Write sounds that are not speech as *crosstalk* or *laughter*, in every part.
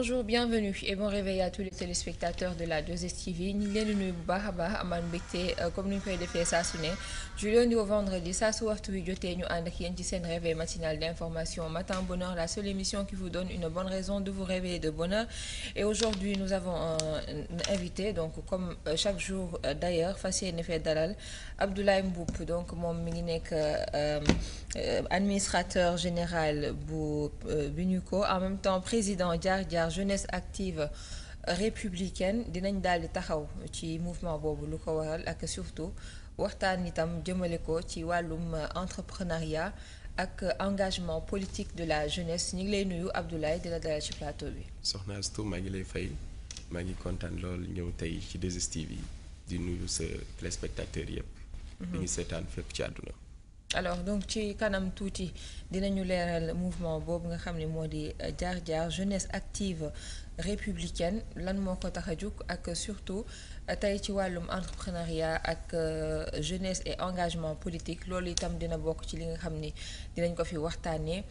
bonjour bienvenue et bon réveil à tous les téléspectateurs de la 2STV ñu ngi leen di bu baax a baax amaan euh, comme ni ñu koy defee saa su ne du lundi au vendredi saa su waxtu wi jotee ñu ànd ak yéen ci seen réveil matinal d'information Matin Bonheur la seule émission qui vous donne une bonne raison de vous réveiller de bonne heure et aujourd'hui nous avons un donc comme euh, chaque jour euh, d'ailleurs fas yéene fee Abdoulaye Mboup donc moom mi ngi nekk euh, euh, administrateur général bu euh, bi ko en même temps président Jaar Jaar jeunesse active républicaine dinañ daal di taxaw ci mouvement boobu lu ko waral ak surtout waxtaan itam jëmale ko ci wàllum entrepreneuriat ak engagement politique de la jeunesse ñu ngi lay nuyu Abdoulaye di la dalal ci plateau bi. soxna Astou maa ngi lay fay maa ngi kontaan lool ñëw tey ci 2STV yi di nuyu sa téléspectateurs yëpp. di ñu seetaan fépp ci àdduna. alors donc ci kanam tuuti dinañu leeral mouvement boobu nga xam ni moo di euh, jaar jaar jeunesse active républicaine lan moo ko tax a jóg ak surtout euh, tey ci wàllum entrepreneuriat ak euh, jeunesse et engagement politique loolu itam dina bokk ci li nga xam ni dinañ ko fi waxtaanee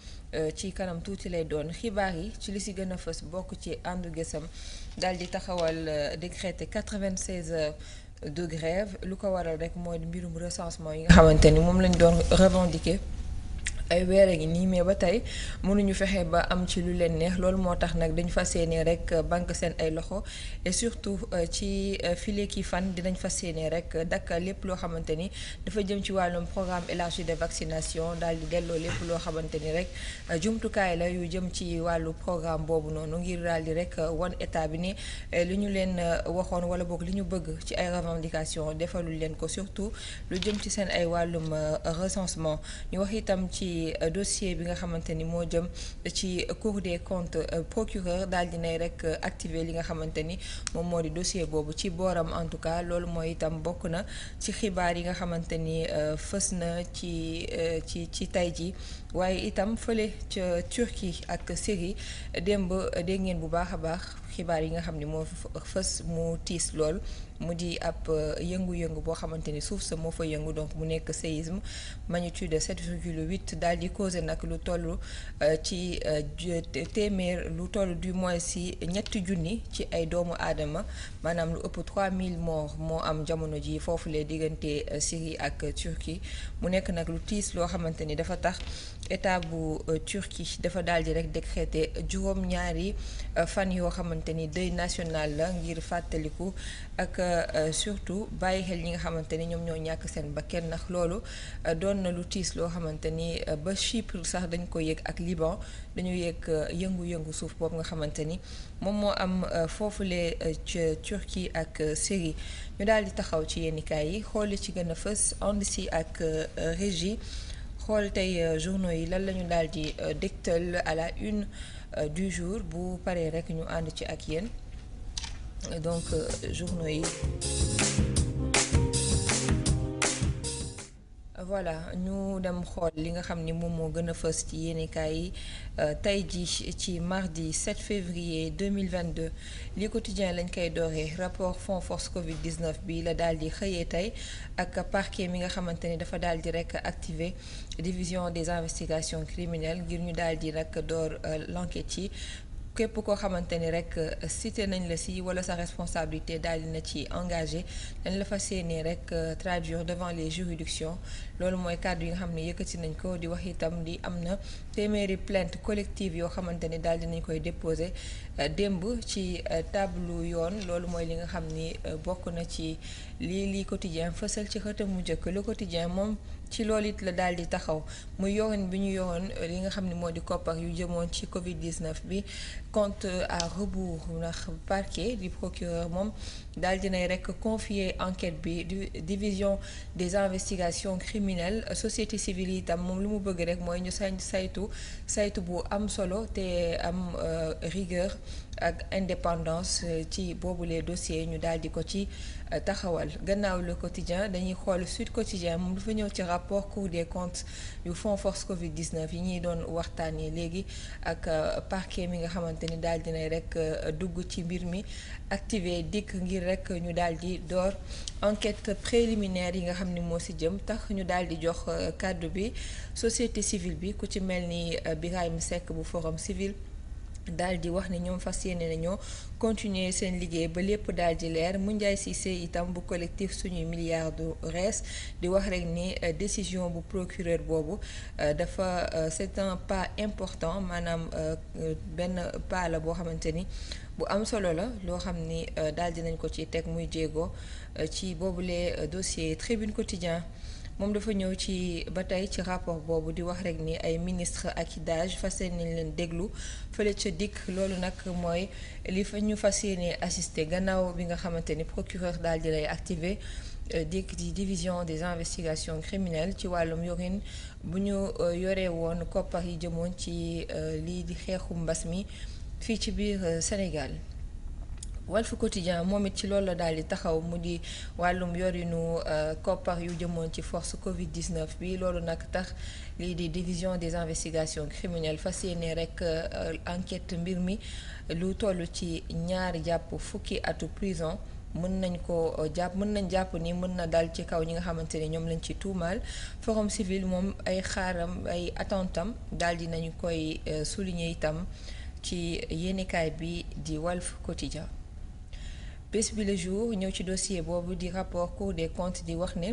ci kanam tuuti lay doon xibaar yi ci li si gën a fës bokk ci àndu gësam daal di taxawal décrété 96 heures. de grève lu ko waral rek mooy mbirum recensement yi nga xamante ni moom lañ doon revendiquer ay weer a ngi nii mais ba tey mënuñu fexe ba am ci lu leen neex loolu moo tax nag dañu fa yéene rek banque seen ay loxo et surtout euh, ci euh, file ki fan dinañ fas yéene rek dak lépp loo xamante ni dafa jëm ci wàllum programme élargi de vaccination daal di delloo lépp loo xamante ni rek euh, jumtukaay la yu jëm ci wàllu programme boobu noonu ngir daal di rek wan état bi ni li ñu leen waxoon wala boog li ñu bëgg ci ay revendication defalul leen ko surtout lu jëm ci seen ay wàllum recensement ñu wax itam ci. di euh, dossier bi nga xamante ni moo jëm ci cour de comptes euh, procureur daal di nay rek euh, activer li nga xamante ni moom moo di dossier boobu ci booram en tout cas loolu mooy itam bokk na ci xibaar yi nga xamante ni fës na ci ci ci tay ji waaye itam fële ca Turquie ak Syrie démb dégg ngeen bu baax a baax. xibaar yi nga xam ne moo fës mu tiis lool mu di ab euh, yëngu-yëngu boo xamante ni suuf sa moo fa yëngu donc mu nekk séisme magnitude 7,8 daal di causé nag lu toll euh, ci euh, téeméer lu toll du moins si ñetti junni ci ay doomu aadama maanaam lu ëpp 3000 morts moo am jamono ji foofu le diggante Syrie ak Turquie mu nekk nag lu tiis loo xamante ni dafa tax état bu Turquie dafa daal di rek juróom-ñaari fan yoo xamante xamante ni deuil national la ngir fàttaliku ak euh, surtout bàyyi xel ñi nga xamante ni ñoom ñoo ñàkk seen bakkan ndax loolu euh, doon na lu tiis loo xamante ni euh, ba Chypre sax dañ ko yéeg ak Liban dañu yéeg yëngu-yëngu suuf boobu nga xamante ni moom moo am foofule ca Turquie ak Syrie ñu daal di taxaw ci yennikaay yi xooli ci gën fës ànd si ak régie xool tey journaux yi lan lañu ñu daal di dégtal à la une. Euh, du jour bu paree rek ñu ànd ci ak yéen donc euh, journaux yi voilà ñu dem xool li nga xam ni moom moo gën a fës ci yéenekaay yi euh, tey jii ci mardi 7 février 2022 li quotidien lañ koy dooree rapport Fonds Force Covid-19 bi la daal di xëyee tey ak parquet mi nga xamante ni dafa daal di rek activer division des investigations criminelles ngir ñu daal di rek door euh, l'enquête yi képp koo xamante ni rek euh, cité nañ la si wala sa responsabilité daal na ci engagé dañ la fas yéene rek euh, traduire devant les juridictions loolu mooy kàddu yi nga xam ne yëkkati nañ ko di wax itam di am na téeméeri plainte collective yoo xamante ni daal dinañ koy déposé euh, démb ci tablu yoon loolu mooy li nga xam ni bokk na ci lii lii quotidien fësal ci xëtam mu njëkk le quotidien moom ci loolu it la daal di taxaw muy yoon bi ñu yoon euh, li nga xam ne moo di koppar yu jëmoon ci Covid 19 bi compte à rebours ndax parquet du procureur moom daal dinay rekk confier enquête bi du division des investigations criminelles société civile yi itam moom lu mu bëgg rekk mooy ñu sañ saytu saytu bu am solo te am euh, rigueur ak indépendance ci boobu les dossiers ñu daal di ko ci. taxawal gannaaw le quotidien dañuy xool Sud Quotidien moom dafa ñëw ci rapport Cour des comptes yu Fonds Force Covid 19 yi ñuy doon waxtaanee léegi ak euh, parquet mi nga xamante ni daal di nay rek euh, dugg ci mbir mi activé dikk ngir rek ñu daal di door enquête préliminaire yi nga xam ni moo si jëm tax ñu daal di jox euh, kàddu bi société civile bi ku ci mel ni Birahim Seck bu Forum Civil. daal di wax ne ñoom fas yéene nañoo continuer seen liggéey ba lépp daal di leer mu njaay Cissé itam bu collectif suñuy milliards du rees di wax rek ni euh, décision bu procureur boobu euh, dafa euh, c'est un pas important maanaam benn pas boo xamante ni bu am solo la loo xam ni daal di nañ ko ci teg muy jéego ci boobulee dossier Tribune Quotidien moom dafa ñëw ci ba tey ci rapport boobu di wax rek ni ay ministre ak i DAGE fas yéene leen déglu fële ca dikk loolu nag mooy li fa ñu fas yéene assister gannaaw bi nga xamante ni procureur daal di lay activé euh, dikk di division des investigations criminelles ci wàllum yorin bu ñu euh, yoree woon koppar yi jëmoon ci euh, lii di xeexu mbas mi fii ci biir Sénégal Walf Quotidien moom it ci loolu la daal di taxaw mu di wàllum yorinu euh, koppar yu jëmoon ci force Covid 19 bi loolu nag tax lii di division des investigations criminelles fas yéene rek euh, enquête mbir mi lu toll ci ñaari jàpp fukki atu prison. mën nañ ko euh, jàpp mën nañ jàpp ni mën na dal ci kaw ñi nga xamante ne ñoom lañ ci tuumaal forum civil moom ay xaaram ay attentam daal di nañu koy souligner itam ci yéenekaay bi di Walf Quotidien bés bi le jour ñëw ci dossier boobu di rapport Cour de comptes di wax né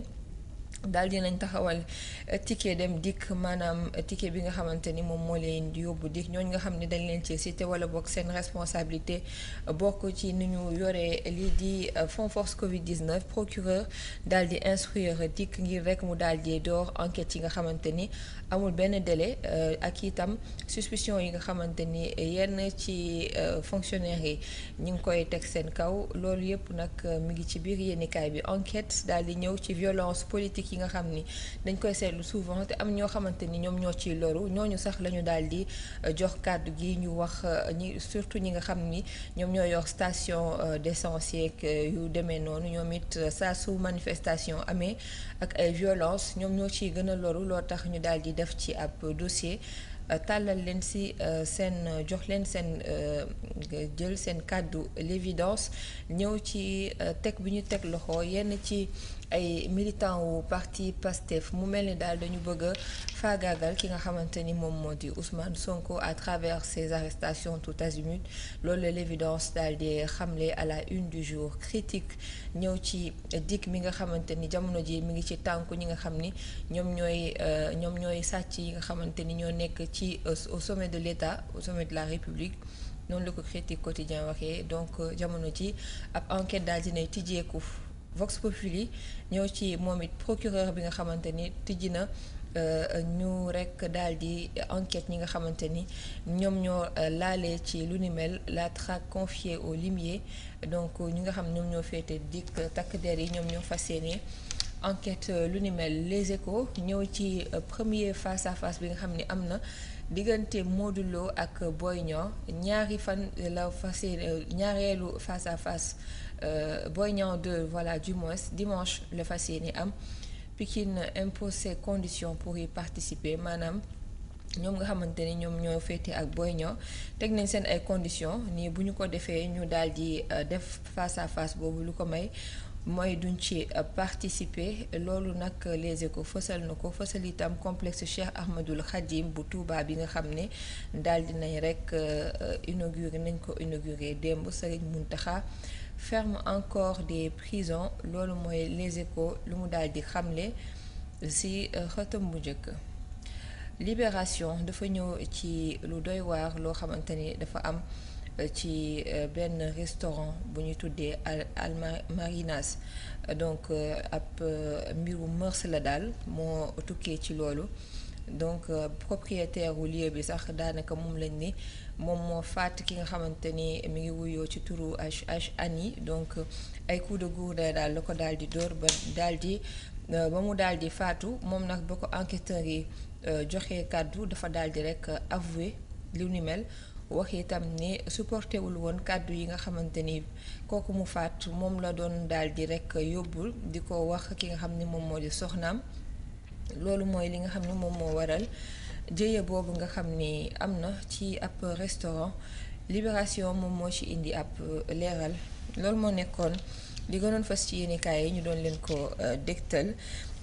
daal nañ taxawal eh, ticket dem dikk maanaam eh, ticket bi nga xamante ni moom moo leen di yóbbu dikk ñooñ nga xam ne dañ leen ci cité wala bokk seen responsabilité eh, bokk ci ni ñu yoree lii di fond force Covid procureur daal di instruire dikk ngir rek mu daal di door enquête yi nga xamante ni amul benn délai ak itam suspicion yi nga xamante ni yenn ci fonctionnaires yi ñu ngi koy teg seen kaw loolu yëpp nag mu ngi ci biir yéenekaay bi enquête daal di ñëw ci violence politique. politique nga xam ni dañ koy seetlu souvent te am ñoo xamante ni ñoom ñoo ciy loru ñooñu sax la ñu daal di euh, jox kàddu gi ñu wax euh, ñi surtout ñi nga xam ni ñoom ñoo yor station euh, d'essence yeeg yu demee noonu ñoom it saa su manifestation amee ak ay violence ñoom ñoo ciy gën a loru loo tax ñu daal di def ci ab dossier tàllal leen si seen jox leen seen jël seen kàddu l'évidence ñëw ci teg bi ñu teg loxo yenn ci ay militant wu parti PASTEF mu mel ni daal dañu bëgg a faagaagal ki nga xamante ni moom moo di Ousmane Sonko à travers ses arrestations tout azimut loolu l'évidence daal di xamle à la une du jour critique ñëw ci dikk mi nga xamante ni jamono ji mi ngi ci tànku ñi nga xam ni ñoom ñooy euh, ñoom ñooy sàcc yi nga xamante ni ñoo nekk ci euh, au sommet de l'État au sommet de la République noonu la ko critique quotidien waxee donc euh, jamono ji ab enquête daal dinay tijjeeku Vox Populi ñëw ci moom it procureur bi nga xamante ni tijji na euh, ñu rek daal di enquête ñi nga xamante ni ñoom ñoo euh, laale ci lu ni mel la traque confier au limiers donc ñi nga xam ñoom ñoo féete dikk takk der yi ñoom ñoo fas yéene enquête euh, lu ni mel les échos ñëw ci premier face à face bi nga xam ni am na diggante Modou ak Boy Niang ñaari fan la fas ñaareelu face à face. Euh, Boy Niang 2 voilà du moins dimanche la fas yéene am Pikine impose ses conditions pour yi participer maanaam ñoom nga xamante ni ñoom ñoo féete ak Boy Niang teg nañ seen ay conditions nii bu ñu ko defee ñu daal di euh, def face boobu lu ko may mooy duñ ci euh, participer loolu nag les ko fësal na ko fësal itam complexe Cheikh Ahmadul Khadim bu Touba yi nga xam ne daal di nañ rek inauguré nañ ko inauguré démb Serigne Mountakha ferme encore de prison loolu mooy les échos lu mu daal di xamle ci euh, xëtam bu jëkk libération dafa ñëw ci lu doy waar loo xamante ni dafa am euh, ci euh, benn restaurant bu ñu tuddee al marinas donc ab mbiru mërs la daal moo tukkee ci loolu donc euh, lieu bi sax daanaka moom lañ ni moom moo fàtt ki nga xamante ni mi ngi wuyoo ci turu H H Annie donc ay coup de gourde daal la ko daal di dóor ba daal di euh, ba mu daal di faatu moom nag ba ko enquêteurs yi euh, joxe kàddu dafa dal di rek euh, avoué lu ni mel wax itam ni supporté wul woon kàddu yi nga xamante ni kooku mu faat moom la doon daal di rek yóbbul di ko wax ki nga xam ni moom moo di soxnaam. loolu mooy li nga xam ne moom moo waral jëye boobu nga xam ni am na ci ab restaurant Libération moom moo ci indi ab euh, leeral loolu moo nekkoon li gënoon fas ci yéenekaay yi ñu doon leen ko euh, dégtal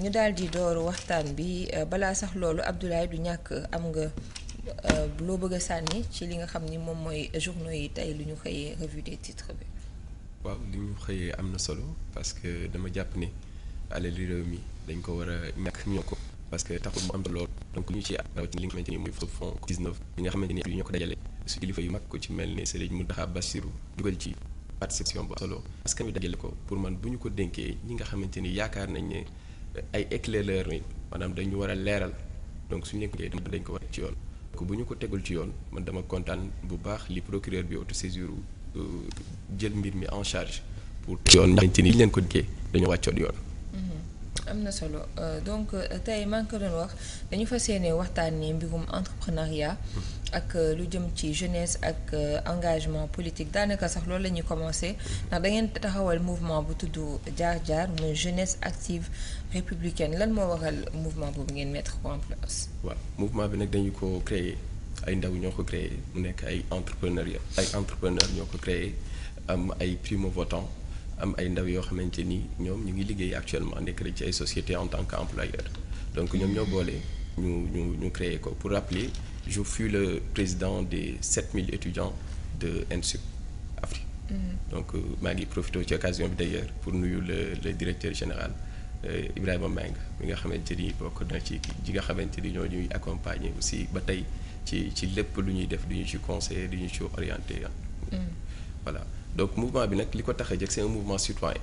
ñu daal di dooru waxtaan bi euh, balaa sax loolu Abdoulaye du ñàkk am nga loo bëgg sànni ci li nga xam ni moom mooy journaux yi tey lu ñu xëyee revue des titres bi waaw li ñu xëyee am na solo parce que dama jàpp ne alali réew mi dañ ko war a ñàkk ñoo ko parce que taxul mu am lool donc ñu ci rawatina li nga xamante ni mooy fond 19 bi nga xamante ni at yi ñoo ko dajale su kilifa yu ko ci mel ni Serigne Mountakha Bassirou dugal ci participation bu solo parce que ñu dajale ko pour man bu ñu ko dénkee ñi nga xamante ni yaakaar nañ ne ay éclaireur mi maanaam dañu war a leeral donc suñu nekkee dañ ko war ci yoon donc bu ñu ko tegul ci yoon man dama kontaan bu baax li procureur bi auto autosaisir euh, jël mbir mi en charge pour yoon xamante ni li leen ko dikkee dañoo wàccoon yoon am na solo euh, donc euh, tey maa ngi ko doon wax dañu fa yéene waxtaan ni mbirum entrepreneuriat ak euh, lu jëm ci jeunesse ak engagement politique daanaka sax loolu la ñuy commencé ndax da ngeen taxawal mouvement bu tudd jaar jaar muy jeunesse active républicaine lan moo waral mouvement boobu ngeen mettre en place. waaw mouvement bi nag dañu ko créer ay ndaw ñoo ko créer mu nekk ay entrepreneur ay entrepreneur ñoo ko créer am ay primo votants am ay ndaw yoo xamante ni ñoom ñu ngi liggéey actuellement nekk rek ci ay sociétés en tant qu'employeur donc ñoom ñoo boole ñu ñu ñu créer ko pour rappeler je fus le président des mille étudiants de ENSUP Afrique mm-hmm. donc euh, maa ngi profité ci occasion bi d'ailleurs pour nuyu le le directeur général euh, Ibrahima Mbengue mi nga xamante ni bokk na ci ji nga xamante ni ñoo ñuy accompagner aussi ba tey ci ci lépp lu ñuy def du ñu ci conseiller du ñu ci orienter mm-hmm. voilà donc mouvement bi nag li ko tax a jëkk seen un mouvement citoyen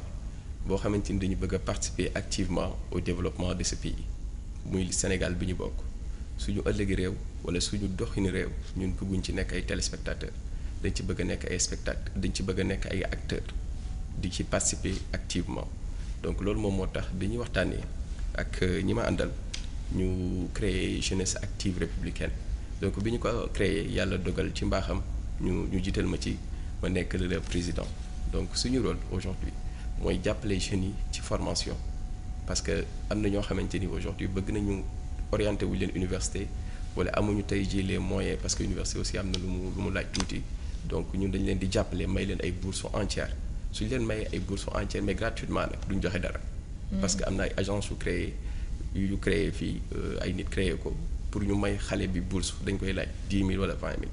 boo xamante ni dañu bëgg a participer activement au développement de ce pays muy Sénégal bi ñu bokk suñu ëllëgi réew wala suñu doxini réew ñun bëgguñ ci nekk ay téléspectateurs dañ ci bëgg a nekk ay spectateurs dañ ci bëgg a nekk ay acteurs di ci participer activement donc loolu moom moo tax bi ñuy waxtaanee ak euh, ñi ma àndal ñu créer jeunesse active républicaine donc bi ñu ko créer yàlla dogal ci mbaaxam ñu ñu jiital ma ci. ma nekk le président donc suñu rôle aujourd'hui mooy jàppale jeunes yi ci formation parce que am na ñoo xamante ni aujourd'hui bëgg nañu orienté wu leen université wala amuñu tey jii les moyen parce que université aussi am na lu mu lu mu laaj tuuti donc ñun dañ leen di jàppale may leen ay bourses entières suñ leen mayee ay bourses entières mais gratuitement nag duñ joxe dara. Hmm. parce que am na ay agence yu créé yu créé fii euh, ay nit créé ko pour ñu may xale bi bourse dañ koy laaj dix mille wala vingt mille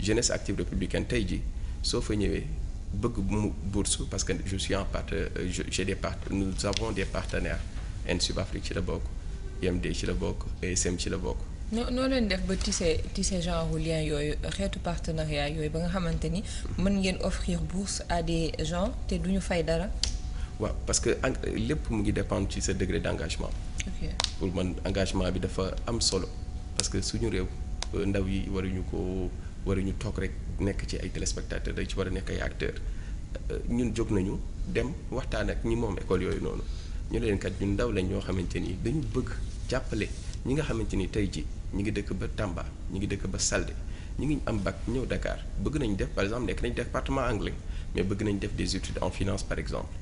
jeunesse active républicaine tey jii. soo fa ñëwee bëgg mu bourse parce que je suis en part euh, j'ai des part nous avons des partenaire in Sub Afrique ci la bokk IMD ci la bokk ESM ci la bokk. noo noo leen def ba tissé tissé genre lien yooyu xeetu partenariat yooyu ba nga xamante ni mën ngeen offrir bourse à des gens te duñu fay dara. waaw parce que lépp mu ngi dépendre ci sa degré d' engagement. pour man engagement bi dafa am solo parce que suñu réew euh, ndaw yi waruñu ko waruñu toog rek. nekk ci ay téléspectateurs dañ ci war a nekk ay acteurs euh, ñun jóg nañu dem waxtaan ak ñi moom école yooyu noonu ñu leen kat ñun ndaw lañ ñoo xamante ni dañu bëgg jàppale ñi nga xamante ni tey ji ñu ngi dëkk ba Tamba ñu ngi dëkk ba Saldé ñu ngi am bac ñëw Dakar bëgg nañ def par exemple nekk nañ département anglais mais bëgg nañ def des études en finance par exemple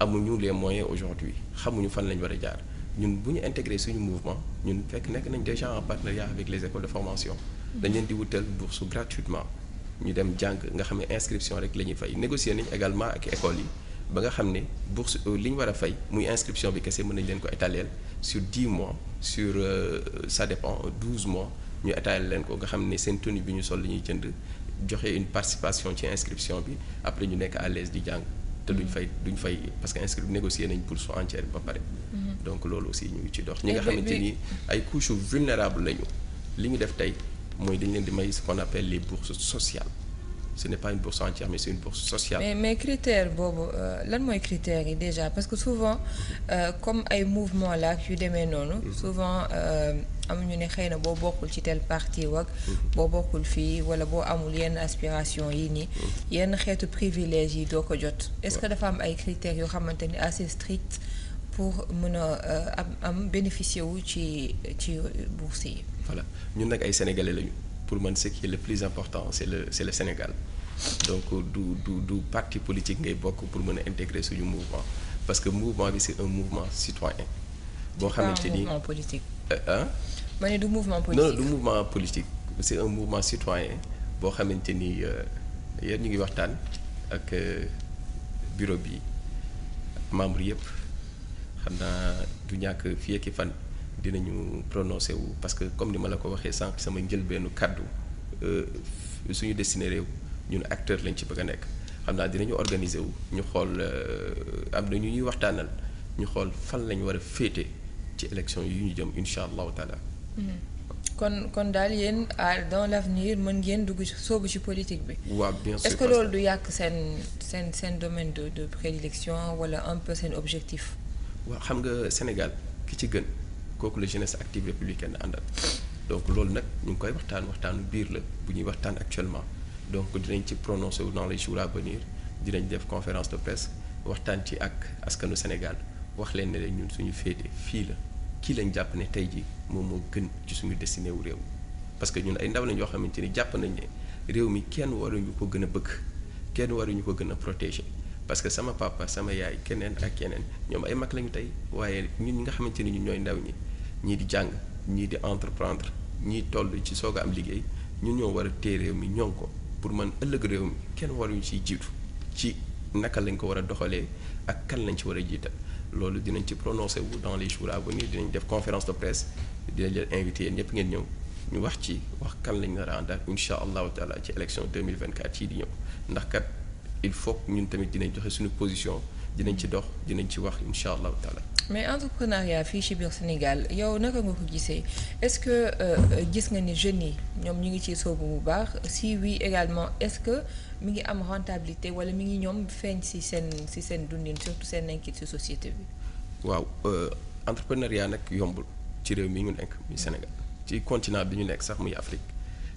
amuñu les moyens aujourd'hui xamuñu fan lañ war a jaar ñun bu ñu intégré suñu mouvement ñun fekk nekk nañ déjà en partenariat avec les de formation dañ leen di wutal bourse ñu dem jàng nga xam ne inscription rek la ñuy fay négocier nañ également ak école yi ba nga xam ne bourse euh, li ñu war a fay muy inscription bi kese mën nañ leen ko étaler sur 10 mois sur euh, ça dépend 12 mois ñu étaler leen ko nga xam ne seen tenue bi ñu sol la ñuy jënd joxe une participation ci inscription bi après ñu nekk à l'aise di jàng te duñ mm-hmm. fay duñ fay parce que inscrit négocier nañ bourse entière ba pare mm-hmm. donc loolu aussi ñu ngi ci dox ñi nga xamante ni ay couches vulnérables lañu li ñu def tey mooy dañ leen di may ce qu'on appelle les bourses sociales ce n'est pas une bourse entière mais c'est mais mais boobu euh, lan mooy critère yi déjà parce que souvent euh, comme ay mouvement la ak yu demee noonu. Mhm. souvent euh, amuñu ne xëy na boo bokkul ci tele parti wak mhm. boo bokkul fii wala boo amul yenn aspiration yi nii. Mhm. yenn xeetu privilège yi doo ko jot. est-ce que dafa am ay critères yoo xamante ni assez strict pour mën a am am bénéficier wu ci ci bourse yi. voilà ñun nag ay sénégalais lañu pour man ce qui le plus important c' est le c' Sénégal donc euh, du du du parti politique ngay bokk pour mën a intégrer suñu mouvement parce que mouvement bi c' est euh, un mouvement citoyen. boo xamante ni mouvement politique. ah. ma ne du mouvement politique non du est un mouvement citoyen boo xamante ni yéen ñu ngi waxtaan ak euh, bureau bi membre yëpp xam naa du ñàkk fii ak fan. dinañu prononcé wu parce que comme ni ma la ko waxee sànq sama njëlbeenu kàddu euh, suñu destiné réew ñun acteur lañ ci bëgg a nekk xam naa dinañu organiser wu ñu xool euh, am na ñu ñuy waxtaanal ñu xool fan lañu war a féete ci élection yi ñu jëm incha allahu taala. Mm-hmm. kon kon daal yéen dans l' avenir mën ngeen dugg soobu ci politique bi. waaw bien sûr est que loolu du yàkk seen seen seen domaine de de prédilection wala un peu seen objectif. waaw xam nga Sénégal ki ci gën. kooku la jeunesse active républicaine àndal donc loolu nag ñu ngi koy waxtaan waxtaanu biir la bu ñuy waxtaan actuellement donc dinañ ci prononcé wu dans les jours à dinañ def conférence de presse waxtaan ci ak askanu Sénégal wax leen ne ñun suñu féete fii la kii lañ jàpp ne tey jii moom moo gën ci suñu destiné wu réew parce que ñun ay ndaw lañ yoo xamante ni jàpp nañ ne réew mi kenn waruñu ko gën a bëgg kenn waruñu ko gën a protéger parce que sama papa sama yaay keneen ak keneen ñoom ay mag lañu tey waaye ñun ñi nga xamante ni ñun ñooy ndaw ñi ñii di jàng ñii di entreprendre ñii toll ci soog a am liggéey ñun ñoo war a téye mi ñoŋ ko pour man ëllëg réew mi kenn waruñu ciy jiitu ci naka lañ ko war a doxalee ak kan lañ ci war a jiital loolu dinañ ci prononcé wu dans les jours à dinañ def conférence de presse dinañ leen invité yéen ñëpp ngeen ñëw ñu wax ci wax kan lañ nar a àndal incha allahu taala ci élection 2024 yii di ñëw ndax kat il faut ñun tamit dinañ joxe suñu position dinañ ci dox dinañ ci wax incha allahu taala mais entrepreneuriat fii ci biir Sénégal yow naka nga ko gisee est-ce que euh, euh, gis nga ni jeunes yi ñoom ñu ngi ci soobu bu baax si oui également est-ce que mi ngi am rentabilité wala mi ngi ñoom feeñ ci seen ci seen dundin surtout seen nekkit ci société bi. waaw euh, entrepreneuriat nag yombul ci réew mi ñu nekk muy Sénégal ci continent bi ñu nekk sax muy Afrique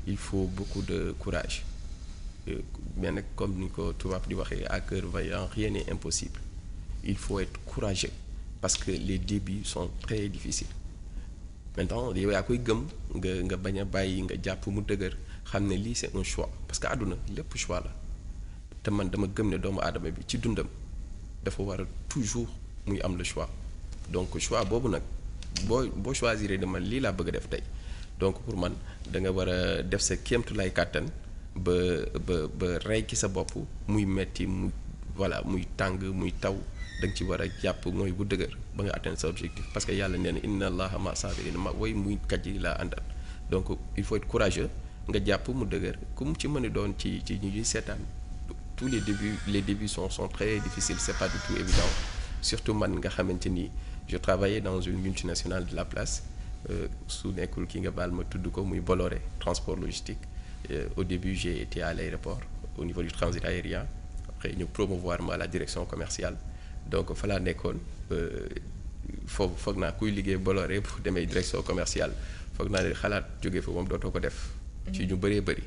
il faut beaucoup de courage mais nag comme ni ko tubaab di waxee à cœur vaillant rien n'est impossible il faut être courageux. parce que les débuts son très difficiles maintenant yow yaa koy gëm nga nga bañ a bàyyi nga jàpp mu dëgër xam ne lii c'est un choix parce que àdduna lépp choix la te man dama gëm ne doomu aadama bi ci dundam dafa war a toujours muy am le choix donc choix boobu nag boo boo choisiré de lii laa bëgg a def tey donc pour man danga war a def sa kéemtu lay kàttan ba ba ba rey ki sa bopp muy metti mu voilà muy tàng muy taw da ci war a jàpp mooy bu dëgër ba nga atteindre sa objectif parce que yàlla nee na inna allaha ma sabirin ma way muy kat yi àndal donc il faut être nga jàpp mu dëgër ku ci mën a doon ci ci ñu ñuy seetaan tous les débuts les débuts sont sont très difficiles c'est pas du tout évident surtout man nga xamante ni je travaillais dans une multinationale de la place euh, su nekkul ki nga baal ma tudd ko muy Bolloré transport logistique euh, au début j'ai été à l'aéroport au niveau du transit aérien après ñu promouvoir ma la direction commerciale donc fa laa nekkoon foofu foog naa kuy liggéey Bolloré bu demee direction commercial foog naa xalaat jóge fa moom dootoo ko def. Mm-hmm. ci ñu bëree bëri.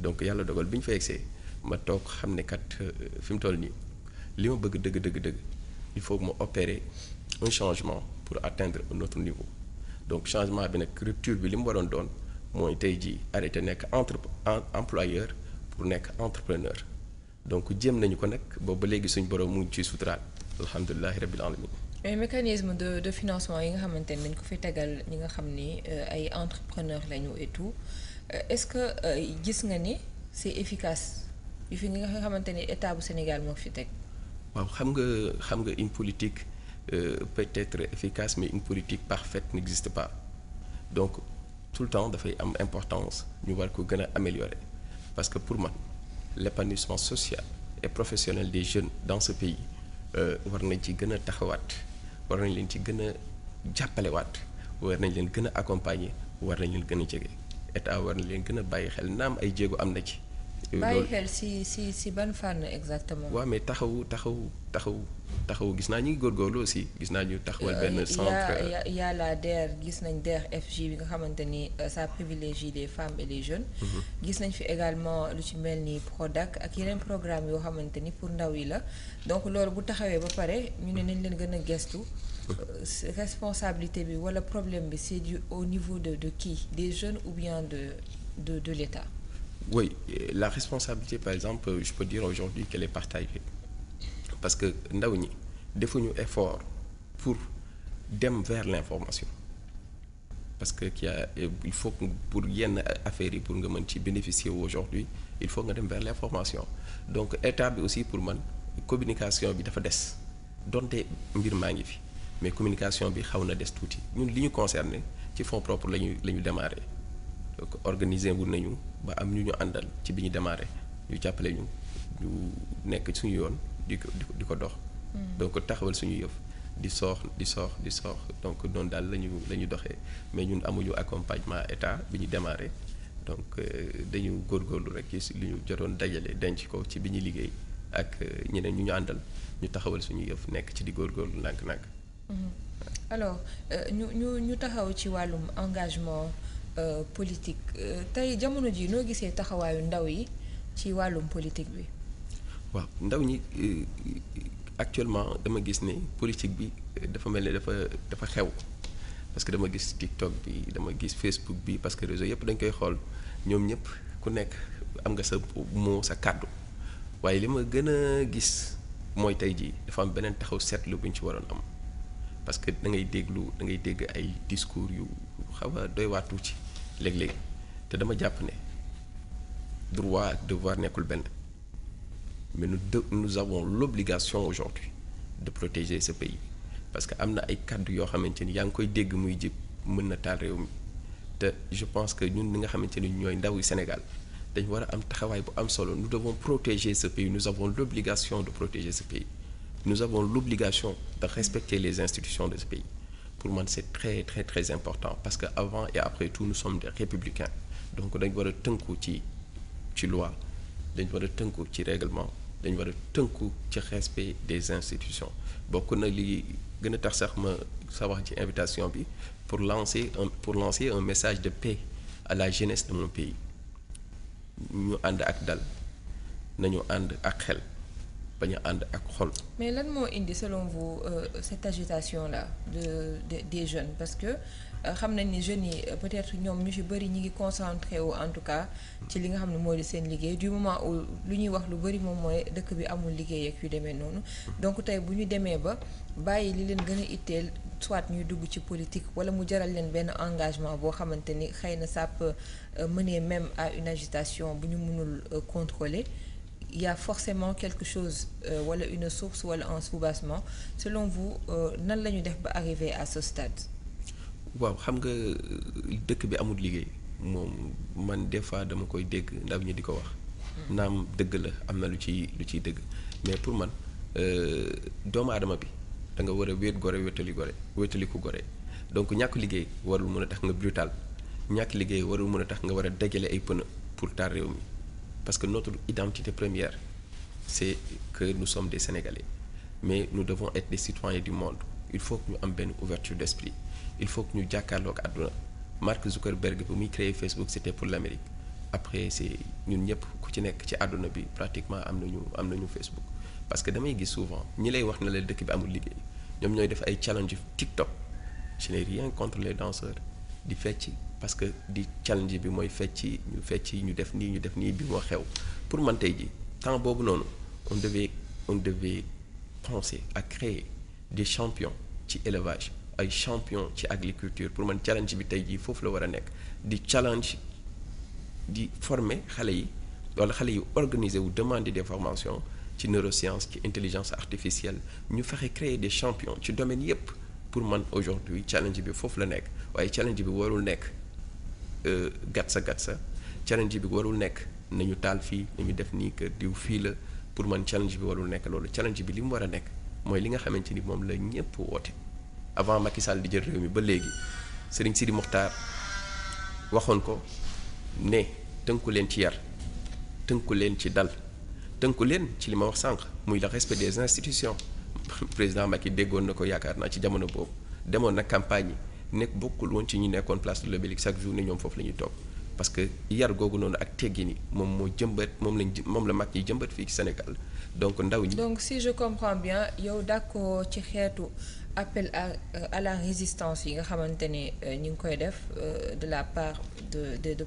donc yàlla dogal bi ñu fa yegsee ma toog xam ne kat euh, fi mu toll nii li ma bëgg dëgg dëgg il faut que ma opérer un changement pour attendre un autre niveau donc changement bi nag rupture bi li mu waroon doon mooy tey jii arrêté nekk en employeur pour nekk entrepreneur donc jéem nañu ko nag boobu léegi suñ borom mu ciy suturaat. alhamdulilahi rabil alamin mais mécanisme de de financement yi nga xamante ne dañ ko fi tegal ñi nga xam ni euh, ay entrepreneur lañu et tout euh, est-ce que euh, gis nga ni c'est efficace yu fi nga xamante ni état bu Sénégal moo fi teg waaw xam nga xam nga une politique peut être efficace mais une politique parfaite n'existe pas donc tout le temps dafay am importance ñu war ko gën a améliorer parce que pour man l'épanouissement social et professionnel des jeunes dans ce pays Euh, war nañ ci gën a taxawaat war nañ leen ci gën a jàppalewaat war nañ leen gën a accompagner war nañ leen gën a jege état war na leen gën a bàyyi xel naam ay jéego am na ci bàyyi xel si si si ban fànn exactement. waaw mais taxawu taxawu taxawu taxawu gis naa ñu ngi góorgóorlu gis naa ñu taxawal euh, benn. y' y' a euh. la gis nañ DER/FJ bi nga xamante ni euh, ça privilégie des femmes et les jeunes. Mm-hmm. gis nañ fi également lu ci mel ni Prodac ak yeneen programme yoo xamante ni pour ndaw yi la donc loolu bu taxawee ba pare ñu ne nañ leen gën a gestu. Mm-hmm. responsabilité bi wala problème bi c'est dû au niveau de de qui des jeunes ou bien de de de l'État. oui euh, la responsabilité par exemple euh, je peux dire aujourd'hui qu'elle est partagée parce que ndaw ñi defuñu effort pour dem vers l'information parce que qu'il y a euh, il faut pour yenn affaires yi pour nga mën ci bénéficier wu aujourd'hui il faut nga dem vers l'information donc état bi aussi pour man communication bi dafa des donte mbir maa ngi fi mais communication bi xaw na des tuuti ñun li ñu concerné ci fonds propre la ñu la ñu démarré donc organiser wu nañu ba am ñu ñu àndal ci bi ñu démarré ñu jàppale ñu ñu nekk suñu yoon di ko di ko dox. Mm. donc taxawal suñu yëf di soox di soox di soox donc noonu daal la ñu la ñu doxee mais ñun amuñu accompagnement état bi ñu démarré donc euh, dañu góor góorlu rek ci lu ñu jotoon dajale denc ko ci bi ñuy liggéey ak euh, ñeneen ñu ñu àndal ñu taxawal suñu yëf nekk ci di góorgóorlu ndànk-ndànk. Mm-hmm. alors euh, ñu ñu ñu taxaw ci wàllum engagement. Euh, politique euh, tey jamono ji noo gisee taxawaayu ndaw yi ci wàllum politique bi. waaw ndaw ñi euh, actuellement dama gis ne politique bi dafa mel ne dafa dafa xew parce que dama gis TikTok bi dama gis Facebook bi parce que réseau yëpp dañ koy xool ñoom ñëpp ku nekk am nga sa moo sa kàddu waaye li ma gën a gis mooy tey jii dafa am beneen taxaw seetlu bu ñu ci waroon am parce que da ngay déglu da ngay dégg ay discours yu xaw a doy waar tuuti léeg-léeg te dama jàpp ne droit ak devoir nekkul benn mais nous de nous avons l'obligation aujourd'hui de protéger sa pays parce que am na ay kàddu yoo xamante ni yaa ngi koy dégg muy jib mën na taal réew mi te je pense que ñun li nga xamante ni ñooy ndaw yi Sénégal dañu war a am taxawaay bu am solo nu devons protéger ce pays nu avons l'obligation de protéger ce pays nous avons l'obligation de respecter les institutions de ce pays pour man c'est très très très important parce que avant et après tout nous sommes des républicains donc dañu war a tënku ci ci loi dañ war a tënku ci réglement dañ war a tënku ci respect des institutions bokk na li gën a tax sax ma sa wax ci invitation bi pour lancer un pour lancer un message de paix à la jeunesse de mon pays ñu ànd ak dal nañu ànd ak xel bañ a ànd ak xol. mais lan moo indi selon vous euh, cette agitation la de, de des jeunes parce que euh, xam nañ ni jeunes yi euh, peut-être ñoom ñu ci bëri ñi ngi concentré wu en tout cas ci li nga xam ne moo di seen liggéey du moment où lu ñuy wax lu bëri moom mooy dëkk bi amul liggéey ak yu demee noonu. donc tey bu ñu demee ba bàyyi li leen gën a itteel soit ñuy dugg ci politique wala mu jaral leen benn engagement boo xamante ni xëy na ça peut euh, mener même à une agitation bu ñu mënul contrôler. il y a forcément quelque chose euh, wala une source wala un soubassement selon vous euh, nan la ñu def ba arriver à ce stade. waaw xam nga euh, dëkk bi amut liggéey moom man des fois dama koy dégg ndaw ñi di ko wax. Hmm. naam dëgg la am na lu ci lu ciy dëgg mais pour man euh, doomu aadama bi da nga war a wéet gore wéetali gore wéetali ko gore donc ñàkk liggéey warul mën a tax nga brutal ñàkk liggéey warul mën a tax nga war a dajale ay pneu pour taal réew mi. parce que notre identité première c'est que nous somme de Sénégalais mais nous devons être des citoyens du monde il faut que ñu am benn ouverture d'esprit il faut que ñu jàkkaarloog àdduna Mark Zuckerberg bu muy créer Facebook c'était pour l'Amérique après c'est ñun ñëpp ku ci nekk ci àdduna bi pratiquement am na ñu am nañu Facebook parce que damay gis souvent ñi lay wax na la dëkk bi amul liggéey ñoom ñooy def ay challenge TikTok je n'ai rien contre les di fecc parce que di challenge bi mooy fecci ñu fecci ñu def nii ñu def nii bi moo xew pour man tey ji temps boobu noonu on devait on devait penser ak créer des champion ci élevage ay champion ci agriculture pour man challenge bi tey jii foofu la war a nekk di challenge di former xale yi wala xale yi organiser wu demande des formations ci neurosciences ci intelligence artificielle ñu fexe créer des champion ci domaine yépp pour man aujourd'hui challenge bi foofu la nekk waaye challenge bi warul nekk Euh, gatsa gatsa challenge bi warul nekk nañu taal fii nañu def nii que diw fii la pour man challenge bi warul nekk loolu challenge bi li mu war a nekk mooy li nga xamante ni moom la ñëpp woote avant Macky Sall di jël réew mi ba léegi Serigne Sidi Mokhtar waxoon ko ne tënku leen ci yar tënku leen ci dal tënku leen ci li ma wax sànq muy le respect des institutions *laughs* président Macky déggoon na ko yaakaar naa ci jamono boobu demoon nag campagne nekk bokkul woon ci ñu nekkoon place de l'Obélisque chaque jour ni ñoom foofu la ñuy toog parce que yar googu noonu ak teggi ni moom moo jëmbat moom lañ moom la mag yi jëmbat fii ci Sénégal donc ndaw ñi. donc si je comprends bien yow d'accord ci xeetu appel à euh, à la résistance yi nga xamante ne euh, ñu ngi koy def euh, de la part de de de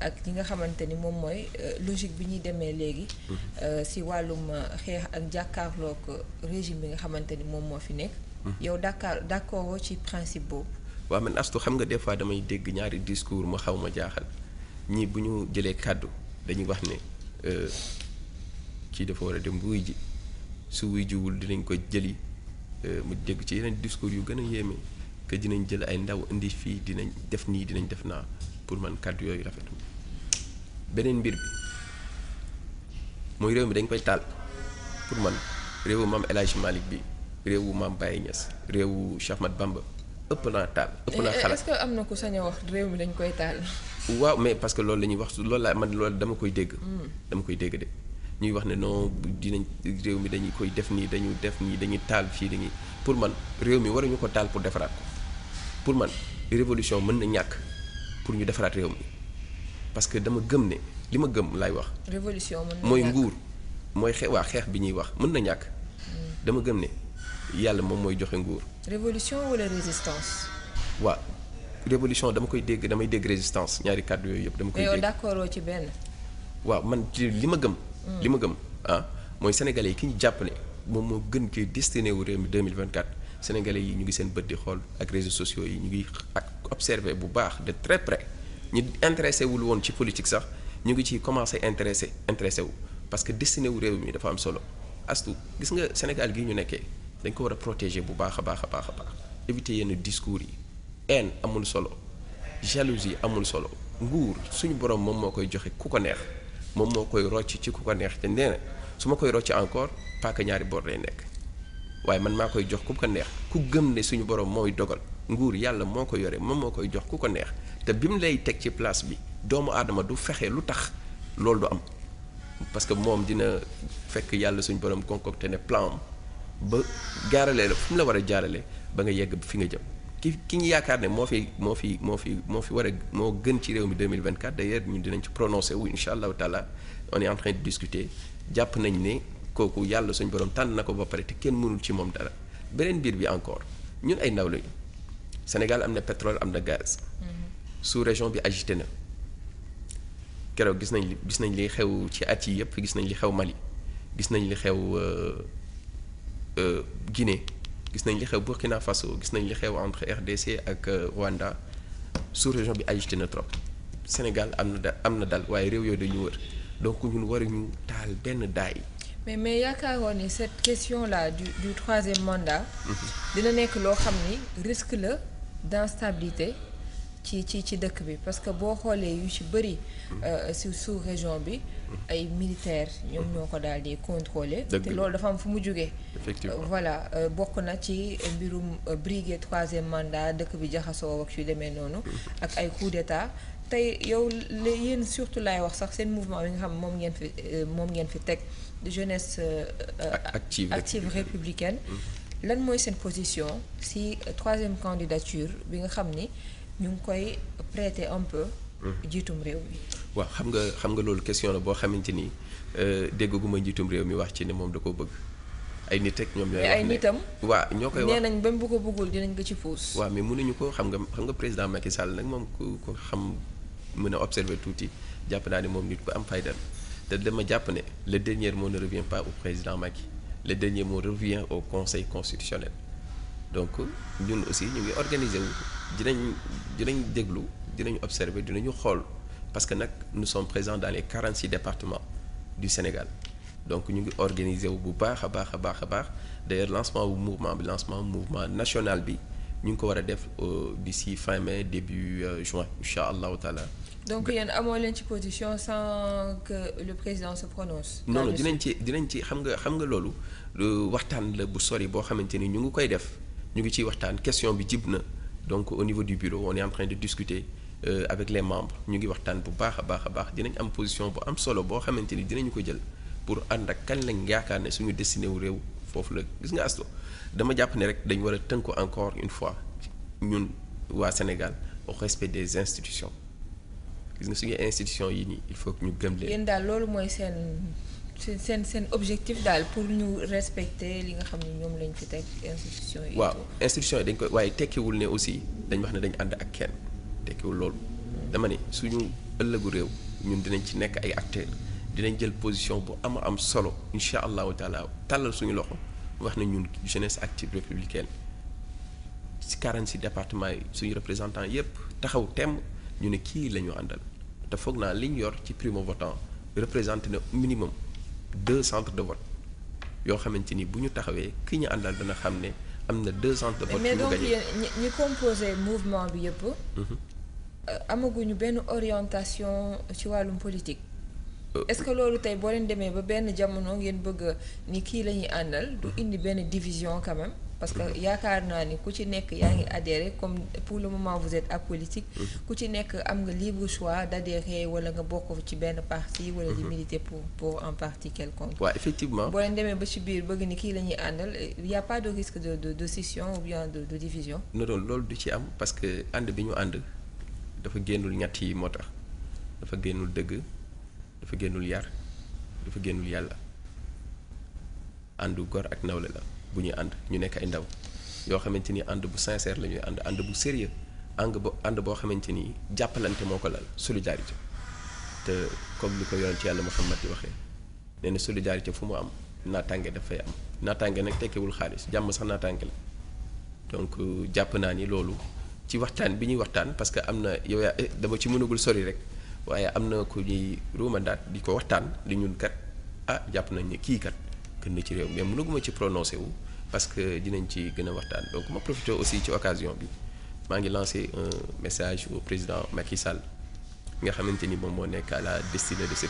ak ñi nga xamante ni moom mooy logique bi ñuy demee léegi. Mhm. si wàllum xeex ak jàkkaarloog régime bi nga xamante ni moom moo fi nekk. yow d'accord d'accord ci principe boobu. waaw man astu xam nga des fois damay dégg ñaari discours ma xaw ma jaaxal ñii bu ñu jëlee kàddu dañuy wax ne euh, kii dafa war a dem wuy ji su wuy jiwul dinañ ko jëli euh, mu dégg ci yeneen discours yu gën a yéeme que dinañ jël ay ndaw indi fii dinañ def nii dinañ def naa pour man kàddu yooyu rafetul beneen mbir bi mooy réew mi dañ koy taal pour man réewu maam El Hadj bi réewu Maam Baye Niass réewu Cheikh Ahmad Bamba ëpp naa taal ëpp eh, que am na ku sañ a réew mi dañ koy taal. waaw mais parce que loolu la ñuy wax loolu laa man loolu dama koy dégg. Hmm. dama koy dégg de ñuy wax ne non dinañ réew mi dañuy koy def nii dañuy def nii dañu taal fii dañuy pour man réew mi war waruñu ko taal pour defaraat pour man révolution mën na ñàkk pour ñu defaraat réew mi parce que dama gëm ne li ma gëm laay wax. révolution mooy nguur mooy xe waa xeex bi ñuy wax mën na ñàkk hmm. dama gëm ne. yàlla moom mooy joxe nguur. révolution wala résistance. waaw révolution dama koy dégg damay dégg résistance ñaari kàddu yooyu yëpp dama koy dégg. yow d'accord ci benn. waaw man ci li ma gëm. Hmm. li ma gëm ah mooy sénégalais yi ki ñu jàppale moom moo gën ci destiné wu réew mi 2024 sénégalais yi ñu ngi seen bët di xool ak réseaux sociaux yi ñu ngi ak observé bu baax de très près ñu intéressé wul woon ci politique sax ñu ngi ciy commencé intéressé intéressé wu parce que destiné wu réew mi dafa am solo astu gis nga Sénégal gii ñu nekkee. dañ ko war a protéger bu baax a baax a baax a baax éviter yenn discours yi haine amul solo jalousie amul solo nguur suñu borom moom moo koy joxe ku ko neex moom moo koy rocc ci ku ko neex te nee su ma koy rocc encore paaka ñaari bor lay nekk waaye man maa koy jox ku ko neex ku gëm ne suñu borom mooy dogal nguur yàlla moo ko yore moom moo koy jox ku ko neex te bi mu lay teg ci place bi doomu aadama du fexe lu tax loolu du am parce que moom dina fekk yàlla suñu borom concocté ne plan ba jaaralee la fu mu la war a jaaralee ba nga yegg fi nga jëm ki ki ñu yaakaar ne moo fi moo fi moo fi moo fi war a moo gën ci réew mi de 2024 d'ailleurs ñun dinañ ci prononcé wu incha allahu taala on est en train de discuter jàpp nañ ne kooku yàlla suñ borom tànn na ko ba pare te kenn mënul ci moom dara beneen biir bi encore ñun ay ndaw lañu Sénégal am na pétrole am na gaz. Mm-hmm. sous région bi agité na keroog gis nañ li gis nañ li xew ci at yi yëpp gis nañ li xew Mali gis nañ li xew. Euh, Euh, Guinée gis nañ li xew Burkina Faso gis nañ li xew entre RDC ak euh, Rwanda sous-région bi agité na trop Sénégal am na da am na dal waaye réew yooyu dañu wër donc ñun waruñu taal benn daay. mais mais yaakaaroon ni cette question là du du troisième mandat. Mhm. dina nekk loo xam ni risque la d'instabilité. ci ci ci dëkk bi parce que boo xoolee yu ci bëri euh, si sous région bi ay militaires ñoom ñoo ko daal di contrôler te loolu dafa am fu mu jógee voilà euh, bokk na ci mbirum euh, briguer troisième mandat dëkk bi jaxasoo ak ci demee noonu mm-hmm. ak ay coup d'état tey yow la yéen surtout laay wax sax seen mouvement bi nga xam moom ngeen fi moom ngeen fi teg de jeunesse active active républicaine mm-hmm. lan mooy seen position si troisième candidature bi nga xam ni ñu ngi koy prêter un peu. Mhm. jiitum réew mi. waaw xam nga xam nga loolu question la boo xamante ni euh, ma njiitum réew mi wax ci ne moom da ko bëgg. ay nit ak ñoom ñooy ay nitam. waa ñoo koy wax nañ ba bu ko bëggul dinañ ko ci pousse. waaw mais mënuñu ko xam nga xam nga président Macky Sall nag moom ku ko xam mën a observer tuuti jàpp naa ne moom nit ku am fayda te dama jàpp ne le dernier mot ne revient pas au président Macky le dernier mot revient au conseil constitutionnel. donc ñun aussi ñu ngi organiser wu dinañ dinañ déglu dinañ observer dinañu xool parce que nag nu sommes présents dans les quarante six départements du Sénégal donc ñu ngi organiser wu bu baax a baax a baax a baax d'ailleurs lancement bu mouvement bi lancement mouvement national bi ñu ngi ko war a def euh, d'ici fin mai début euh, juin incha allahu taala. donc yéen amoon leen ci position sans que le président se prononce. non dinañ ci dinañ ci xam nga xam nga loolu waxtaan la bu sori boo xamante ni ñu ngi koy def. ñu ngi ciy waxtaan question bi jib na donc au niveau du bureau on est en train discuter euh, avec les membres ñu ngi waxtaan bu baax a baax a baax dinañ am position bu am solo boo xamante ni dinañu ko jël pour ànd ak kañ lañ yaakaar ne suñu destiné wu réew foofu la gis nga asto dama jàpp ne rek dañ war a ko encore une fois ñun waa Sénégal au respect des institutions gis nga suñu institutions yi nii il faut ñu gëm leen. yéen daal loolu mooy seen. seen seen objectif daal pour ñu respecter li nga xam ne ñoom lañ fi teg institution yi. waaw institution dañ koy waaye tekkiwul ne aussi dañ wax ne dañ ànd ak kenn tekkiwul loolu. dama ne suñu ëllëgu réew ñun dinañ ci nekk ay acteurs dinañ jël position bu am am solo incha allahu taala tàllal suñu loxo wax na ñun jeunesse active républicaine ci si départements yi suñu représentant yépp taxaw temm ñu ne kii la ñu àndal te foog naa li ñu yor ci primo votant représenté na minimum. deux centres de vote yoo xamante ni bu ñu taxawee ki ñu àndal dana xam ne am na deux centres de vote. mais donc ñi composé mouvement bi yëpp. Mhm. Euh, amaguñu benn orientation ci wàllum politique. Euh, est-ce que loolu tey boo leen demee ba benn jamono ngeen bëgg ni kii la ñuy àndal. du mhm. indi benn division quand parce que yaakaar naa ni ku ci nekk yaa ngi adhéré comme pour le moment vous êtes apolitique mm-hmm. ku ci nekk am nga libre choix d'adhérer wala nga bokk ci benn parti wala di mm-hmm. militer pour pour un parti quelconque waaw effectivement boo leen demee ba ci biir bëgg ni kii la ñuy àndal y a pas de risque de de de ou bien de de division non non loolu du ci am parce que ànd bi ñu ànd dafa génnul ñett yi moo tax dafa génnul dëgg dafa génnul yar dafa génnul yàlla àndu gor ak bu ñuy ànd ñu nekk ay ndaw yoo xamante ni ànd bu sincère la ñuy ànd ànd bu sérieux ànd bo ànd boo xamante ni jàppalante moo ko la solidarité te comme li ko yonent xam Muhammad di waxee nee na solidarité fu mu am naataange dafay am naataange nag tekkiwul xaalis jàmm sax naataange la donc euh, jàpp naa ni loolu ci waxtaan bi ñuy waxtaan parce que am na yow yaa eh, dama ci mënagul sori rek waaye am na ku ñuy ruumandaat di ko waxtaan li ñun kat ah jàpp nañ ne kii kat gën na ci réew mais mënaguma ci prononcé wu parce que dinañ ci gën a waxtaan donc ma profité aussi ci occasion maa ngi lancé un message au président Macky Sall nga xamante ni moom moo nekk à la destinée de ce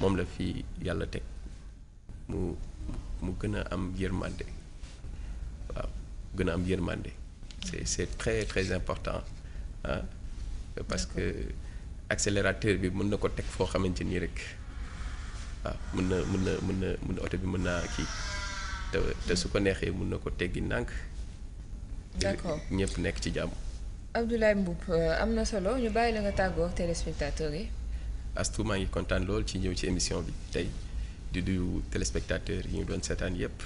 moom la fi yàlla teg mu mu gën a am yërmande waaw gën a am yërmande c'est c'est très très important ah parce que accélérateur bi mën na ko teg foo xamante nii rek waaw ah, mën na mun na mën na mun na oto bi mën naa kii te te su ko neexee mun na ko teggi ndànk. d'accord ñëpp nekk ci jàmm. Abdoulaye Mboup euh, am na solo ñu bàyyi la nga tàggoo téléspectateurs yi. Astou maa ngi kontaan lool ci ñëw ci émission bi tey di nuyu téléspectateurs yi ñu doon seetaan yépp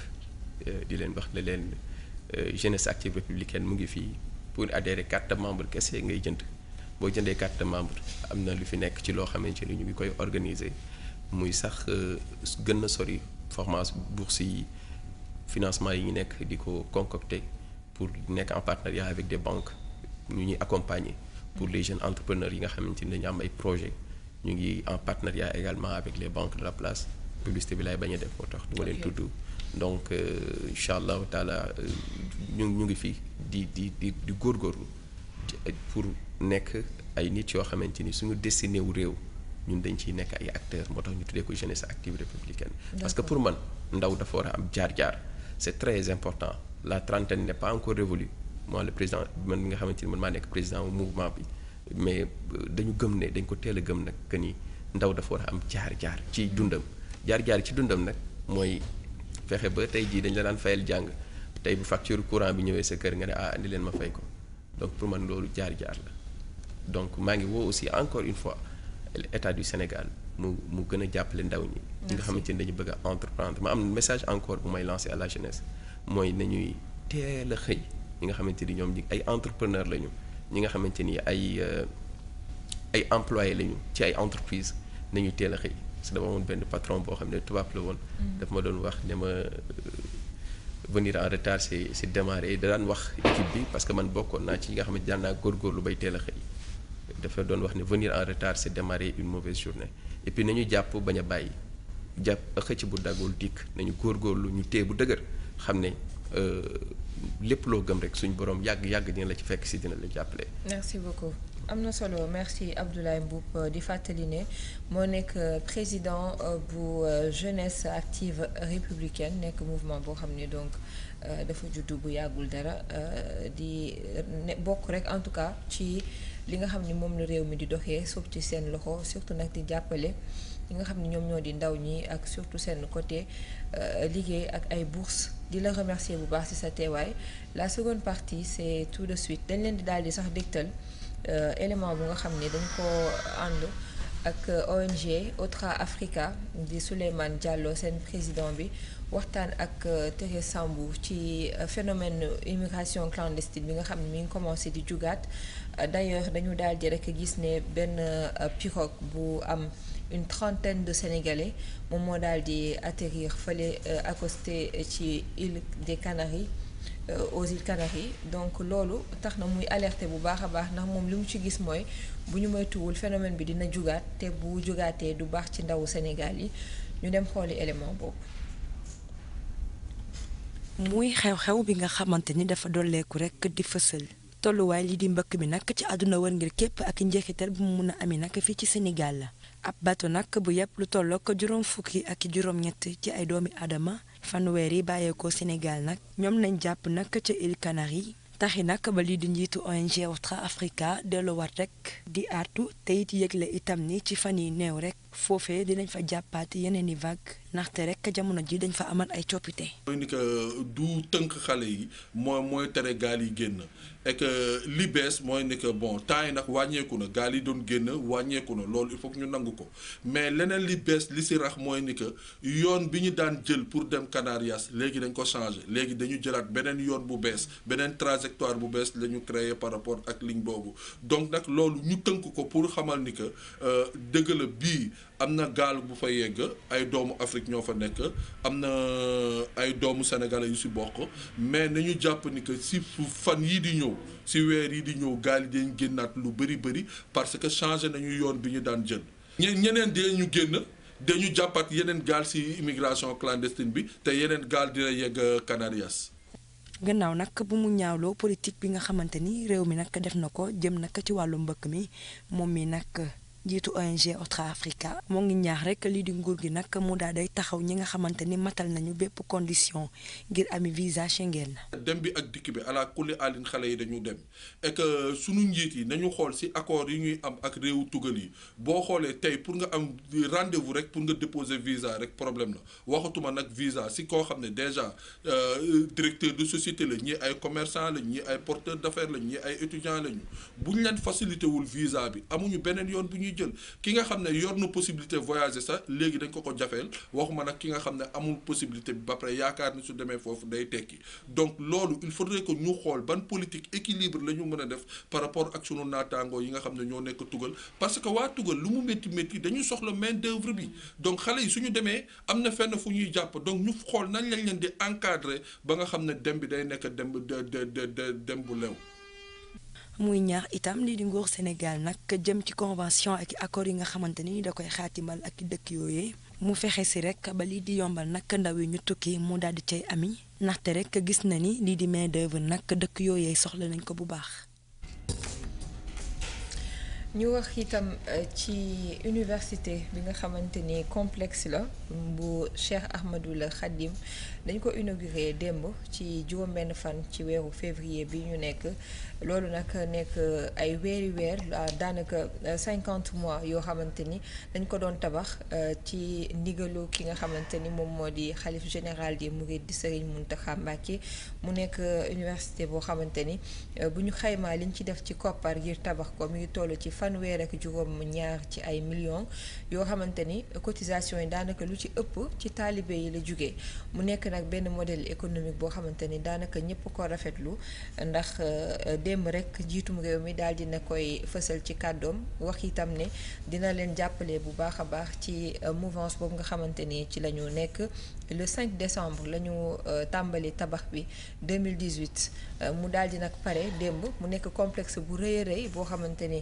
euh, di leen wax ne leen euh, jeunesse active républicaine mu ngi fii pour adhérer carte membre kese ngay jënd boo jëndee carte membre am na lu fi nekk ci loo xamante ni ñu ngi koy organiser. muy sax euh, gën na sori formation bourse si financement yi ñu nekk di ko concocter pour nekk en partenariat avec des banques ñu ñuy accompagner pour les jeunes entrepreneurs yi nga xamante ni dañu am ay projet ñu ngi en partenariat également avec les banques de la place publicité bi lay bañ a def moo tax du ma leen tudd donc euh, incha allahu taala euh, ñu ñu ngi fi di di di di góorgóorlu pour nekk ay nit yoo xamante ni suñu destiné wu réew ñun dañ ciy nekk ay acteur moo tax ñu tuddee ko jeunesse active républicaine. parce que pour man ndaw dafa war a am jaar-jaar. c' est très important la trentaine ne est pas encore révolue moi le président man mi nga xamante ni man maa nekk président wu mouvement bi mais euh, dañu gëm ne dañ ko teel a gëm nag que ni ndaw dafa war a am jaar-jaar ci dundam jaar-jaar ci dundam nag mooy fexe ba tey jii dañ la daan fayal jàng tey bu facture courant bi ñëwee sa kër nga ne ah andi leen ma fay ko donc man loolu jaar-jaar donc maa ngi woo aussi encore une fois. état du Sénégal mu mu gën a jàppale ndaw ñi. ñi nga xamante ni dañu bëgg a entreprendre ma am message encore bu may lancer à la jeunesse mooy nañuy teel a xëy ñi nga xamante ni ñoom ñi ay entrepreneur lañu ñi nga xamante ni ay euh, ay employé lañu ci ay entreprise nañu teel a xëy parce que dama amoon benn patron boo xam ne tubaab la woon. Mm. daf ma doon wax ne ma euh, venir en retard c'est c'est démarrer da wax équipe bi parce que man bokkoon naa ci ñi nga xamante daan naa góorgóorlu bay teel xëy. dafa doon wax ne venir en retard c'est démarrer une mauvaise journée et puis nañu jàpp bañ a bàyyi jàpp xëcc bu daggul dikk góor góorgóorlu ñu téye bu dëgër xam ne euh, lépp loo gëm rek suñu borom yàgg yàgg dina la ci fekk si dina lu jàppale. merci beaucoup. am na solo merci Abdoulaye Mboup euh, di fàttali ne moo nekk euh, président bu jeunesse active républicaine nekk mouvement boo xam ne donc dafa juddu bu yàggul dara di bokk rek en tout cas ci. li nga xam ni moom la réew mi di doxee suuf ci seen loxo surtout nag di jàppale li nga xam ni ñoom ñoo di ndaw ñi ak surtout seen côté euh, liggéey ak ay bourses di la remercier bu baax ci sa teewaay la seconde partie c'est tout de suite dañ leen di daal di sax dégtal euh, élément bu nga xam ni dañ ko ànd ak euh, ONG Otra Africa di Souleymane Diallo seen président bi waxtaan ak Thérèse Sambou ci phénomène immigration clandestine bi nga xam ne mu ngi commencé di jugaat d'ailleurs dañu daal di gis ne benn euh, pirogue bu am une trentaine de Sénégalais moom moo daal di atterrir fële euh, accosté ci île des Canaries euh, aux îles Canaries donc loolu tax na muy alerter bu baax a baax ndax moom li mu ci gis mooy bu ñu moytuwul phénomène bi dina jugaat te bu jugaatee du baax ci ndawu Sénégal yi ñu dem xooli élément boobu. muy xew-xew bi nga xamante ni dafa dolleeku rekk di fësal. tolluwaay lii di mbëkk mi nag ci àdduna wër ngir képp ak njeexital bi mu mun a amee nag fii ci Sénégal la ab bato nag bu yëpp lu ko juróom fukki ak juróom-ñett ci ay doomi aadama fanweer yi bàyyeekoo Sénégal nag ñoom nañ jàpp nag ca îles Canaries taxi nag ba lii di njiitu ONG Otra Africa delluwaat rek di artu te it yëgle itam ni ci fan yi néew rek. foofee dinañ fa jàppaati yeneen i vague ndaxte rek jamono ji dañ fa amal ay coppite. mooy ni que du tënk xale yi moo mooy tere gaal yi génn et que li bees mooy ni que bon temps yi nag wàññeeku na gaal yi doon génn wàññeeku na loolu il faut ñu nangu ko mais leneen li bees li si rax mooy ni que yoon bi ñu daan jël pour dem Canarias léegi dañ ko changé léegi dañu jëlaat beneen yoon bu bees beneen trajectoire bu bees la ñu créé par rapport ak ligne boobu donc nag loolu ñu tënk ko pour xamal ni que euh, dëgg la bii. am na gaal bu fa yegg ay doomu Afrique ñoo fa nekk am na ay doomu sénégalais yu si bokk mais nañu jàpp ni que si fan yii di ñëw si weer yi di ñëw gaal yi dañ génnaat lu bëri bëri parce que changé nañu yoon bi ñu daan jël. ñeneen dee ñu génn dañu jàppaat yeneen gaal si immigration clandestine bi te yeneen gaal dina yegg euh, Canarias. gannaaw nag bu mu ñaawloo politique bi nga xamante ni réew mi nag def na ko jëm nag ci wàllu mbëkk mi moom mi nag. njiitu ONG Otra Africa moo ngi ñaax rek lii di nguur gi nag mu daal day taxaw ñi nga xamante ni matal nañu bépp condition ngir ami visa Schengen. dem bi ak dikk bi ala kulli alin xale yi dañu dem et que sunu njiit yi nañu xool si accord yi ñuy am ak réewu tugal yi boo xoolee tey pour nga am rendez-vous rek pour nga déposer visa rek problème la waxatuma nag visa si koo xam ne déjà euh, directeur de société la ñii ay commerçant lañ ñi ay porteur d'affaires lañ ñii ay étudiant lañu bu ñu leen facilité wul visa bi amuñu beneen ñuy jël ki nga xam ne yor na possibilité voyager sax léegi dañ ko ko jafeel waxuma nag ki nga xam ne amul possibilité bi ba pare yaakaar ni su demee foofu day tekki donc loolu il faudrait que ñu xool ban politique équilibre la ñu mën a def par rapport ak sunu naataangoo yi nga xam ne ñoo nekk tugal parce que waa tugal lu mu métti métti dañu soxla main d'œuvre bi donc xale yi suñu demee am na fenn fu ñuy jàpp donc ñu xool nañ lañ leen di encadrer ba nga xam ne dem bi day nekk dem de de dem bu lew muy ñaax itam lii di nguur Sénégal nag jëm ci convention ak accord yi nga xamante ni da koy xaatimal ak dëkk yooyee mu fexe si rek ba lii di yombal nag ndaw yi ñu tukki mu daal di cay ami ndaxte rek gis na ni lii di main d'œuvre nag dëkk yooyee soxla nañ ko bu baax. ñu wax itam euh, ci université bi nga xamante ni complexe la bu Cheikh Ahmadoul Khadim dañ ko inauguré démb ci juróom benn fan ci weeru février bi ñu nekk loolu nag nekk euh, ay weeri weer euh, daanaka euh, cinquante mois yoo xamante ni dañ ko doon tabax ci ndigalu ki nga xamante ni moom moo di xalif général di Mouride di Serigne Mountakha Mbacké mu nekk université boo xamante ni bu ñu xaymaa liñ ci def ci koppar ngir tabax ko mi ngi toll ci fanweer ak juróom ñaar ci ay millions yoo xamante ni cotisation yi daanaka lu ci ëpp ci taalibe yi la jóge mu nekk nag benn modèle économique boo xamante ni daanaka ñëpp ko rafetlu ndax. démb rek jiitum réew mi daal di na koy fësal ci kàddoom wax itam ne dina leen jàppale bu baax a baax ci euh, mouvance boobu nga xamante ni ci la nekk le 5 décembre la ñu euh, tàmbali tabax bi 2018 euh, mu daal di nag pare démb mu nekk complexe bu rëy a rëy boo xamante ni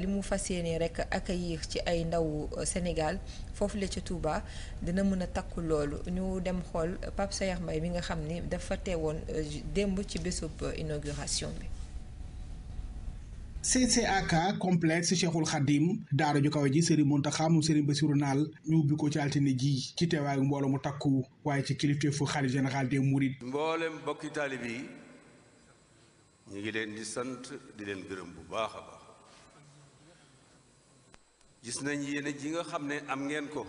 li mu fas yéene rek accueillir ci ay ndaw Sénégal foofu la ci Touba dina mën a takku loolu ñu dem xool Pape Sayer Mbaye mi nga xam ni dafa teewoon démb ci bésub inauguration bi CCAK complexe Cheikhul Khadim daara ju kawe ji Serigne Mountakha moom Serigne Bassirou Naal ñu ubbi ko ci altine ji ci teewaayu mbooloo mu takku waaye ci kilifteefu xalifa général des Mourides. mboolem bokki taalib yi ñu ngi leen di sant di leen gërëm bu baax a baax gis nañ yéene ji nga xam ne am ngeen ko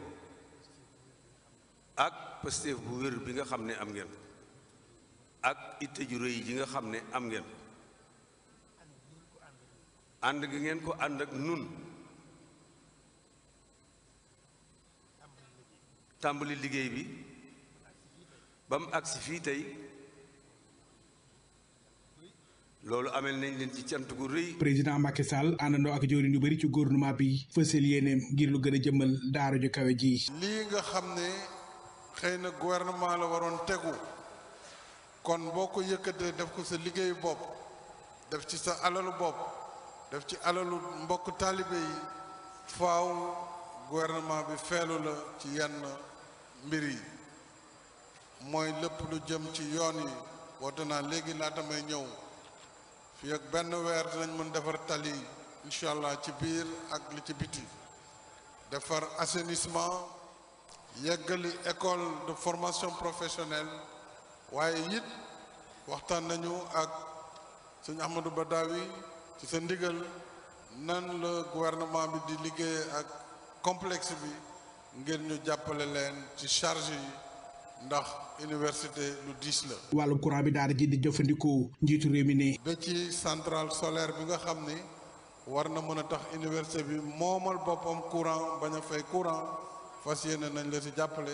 ak Pastef bu wér bi nga xam ne am ngeen ko ak it ju rëy ji nga xam ne am ngeen ànd gi ngeen ko ànd ak nun tàmbali liggéey bi ba mu agsi fii tey loolu amel nañ leen ci cant ku rëy. président makisal Sall àndandoo ak jëwriñ yu bëri ci gouvernement bi fësal yéeneem ngir lu gën a jëmmal daara ju kawe ji. lii nga xam ne xëy na gouvernement la waroon tegu kon boo ko yëkkatee def ko sa liggéeyu bopp def ci sa alalu bopp. def ci alalu mbokk taalibe yi faw gouvernement bi feelu la ci yenn mbir yi mooy lépp lu jëm ci yoon yi woote naa léegi laata may ñëw fii ak benn weer dinañ mën defar tali incha allah ci biir ak li ci biti defar assainissement yeggali école de formation professionnelle waaye it waxtaan nañu ak sëñ Ahmadou Badawi ci sa ndigal nan la gouvernement bi di liggéey ak complexe bi ngir ñu jàppale leen ci charge yi ndax université lu diis la. wàllu courant bi daara ji di jëfandikoo njiitu réew mi ne. ba ci centrale solaire bi nga xam ni war na mën a tax université bi moomal boppam courant bañ a fay courant fas yéene nañ la ci jàppale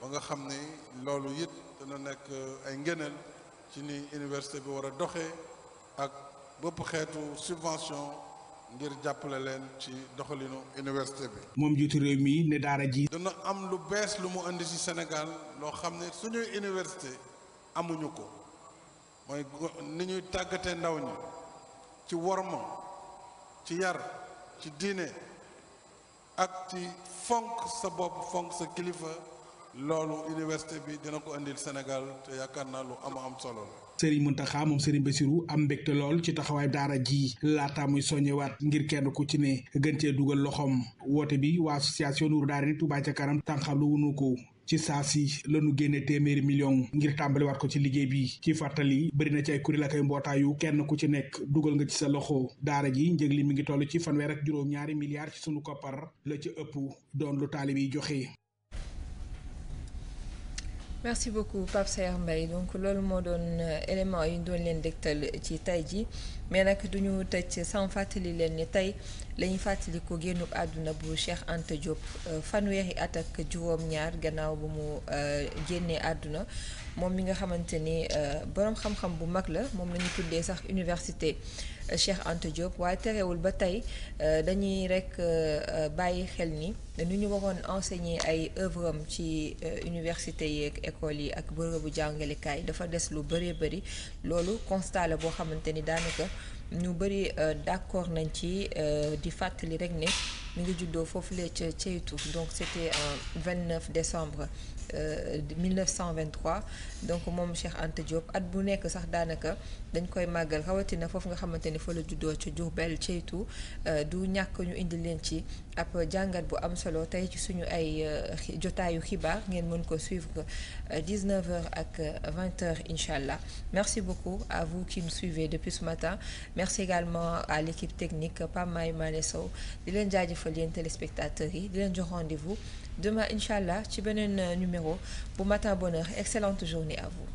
ba nga xam ni loolu it dana nekk euh, ay ngëneel ci ni université bi war a doxee ak. bëpp xeetu subvention ngir jàppale leen ci doxalinu université bi. moom jiitu réew mi ne daara ji. dana am lu bees lu mu indi ci Sénégal loo xam ne suñuy université amuñu ko mooy ni ñuy tàggatee ndaw ñi ci worma ci yar ci diine ak ci fonk sa bopp fonk sa kilifa loolu université bi dina ko indil Sénégal te yaakaar naa lu am am solo sëriñ Muntaxa moom sëriñ Basiru am mbégte lool ci taxawaay daara ji laata muy soññewaat ngir kenn ku ci ne gën cee dugal loxoom woote bi waa association Nuuru Daarayni Touba ca kanam tànxam lu wunu ko ci saa si lanu génne téeméeri million ngir waat ko ci liggéey bi ci fàttali bëri na ci ay kuréel ak mbootaayu kenn ku ci nekk dugal nga ci sa loxo daara ji njëg li mi ngi toll ci fanweer ak juróom-ñaari milliards ci sunu koppar la ci ëpp doon lu taalibe yi joxe. merci beaucoup Pape Saer Mbaye donc loolu moo doon euh, élément yi ñu doon leen dégtal ci tay ji mais nag ñu tëj sans fàttali leen ni tey la ñuy fàttaliku génnub àdduna bu Cheikh Anta Diop euh, fanweeri at ak juróom-ñaar gannaaw bu mu euh, génnee àdduna moom mi nga xamante ni euh, borom xam-xam bu mag la moom lañu ñu tuddee sax université Cheikh Anta Diop waaye terewul ba tey dañuy rek bàyyi xel ni dañu ñu waroon enseigner ay œuvre am ci université yeeg école yi ak bërëbu jàngalekaay dafa des lu bëree bëri loolu constat la boo xamante ni daanaka. ñu bëri euh, d'accord nañ ci euh, di fàttali rek ni mi ngi juddoo foofu la ca Ceytu donc c'était en 29 décembre 1923 euh, donc moom Cheikh Anta Diop at bu nekk sax daanaka dañ koy màggal rawatina foofu nga xamante ni fa la juddoo ca Diourbel ceytu euh, du ñàkk ñu indi leen ci ab jàngat bu am solo tey ci suñu ay euh, jotaayu xibaar ngeen mën ko suivre 19h ak 20h incha allah merci beaucoup à vous qui nous suivez depuis ce matin merci également à l'équipe technique Pam May Mané Sow di leen jaajëfal yéen téléspectateurs yi di leen jox rendez-vous. demain incha allah ci beneen euh, numéro bu Matin Bonheur excellente journée à vous